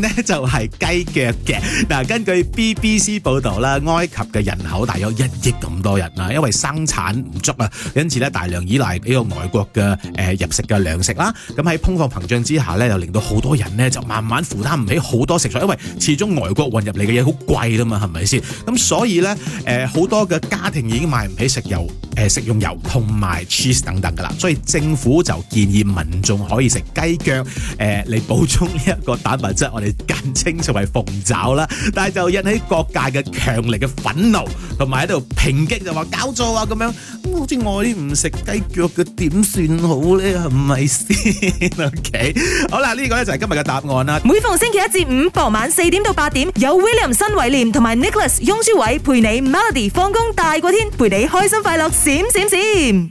咧就係雞腳嘅，嗱，根據 BBC 報導啦，埃及嘅人口大約一億咁多人啦，因為生產唔足啊，因此咧大量依賴呢個外國嘅誒、呃、入食嘅糧食啦，咁喺通貨膨脹之下咧，又令到好多人咧就慢慢負擔唔起好多食材，因為始終外國運入嚟嘅嘢好貴啊嘛，係咪先？咁所以咧誒，好多嘅家庭已經買唔起食油。誒食用油同埋 cheese 等等㗎啦，所以政府就建議民眾可以食雞腳誒嚟補充呢一個蛋白質，我哋簡稱做為鳳爪啦，但係就引起各界嘅強力嘅憤怒。同埋喺度抨擊就話搞錯啊咁樣，嗯、好似我啲唔食雞腳嘅點算好咧？係咪先 ？OK，好啦，呢、這個咧就係今日嘅答案啦。每逢星期一至五傍晚四點到八點，有 William 新偉廉同埋 Nicholas 雍舒偉陪你 Melody 放工大過天，陪你開心快樂閃閃閃。